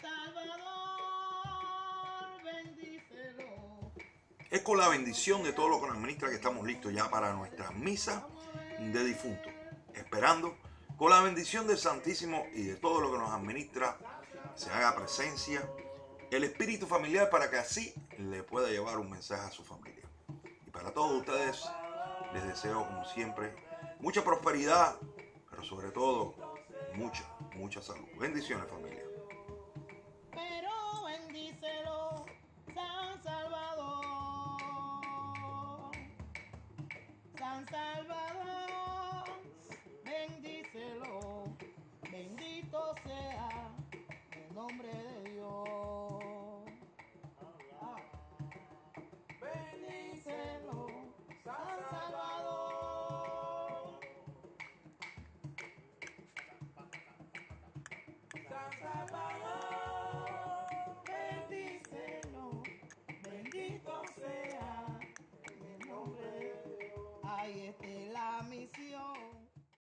Salvador, Es con la bendición de todos los administra que estamos listos ya para nuestra misa de difunto. Esperando con la bendición del Santísimo y de todo lo que nos administra, se haga presencia el espíritu familiar para que así le pueda llevar un mensaje a su familia. Y para todos ustedes, les deseo como siempre mucha prosperidad, pero sobre todo mucha, mucha salud. Bendiciones familia. San Salvador, bendícelo, bendito sea el nombre de Dios. Bendícelo, San Salvador. San Salvador. misión.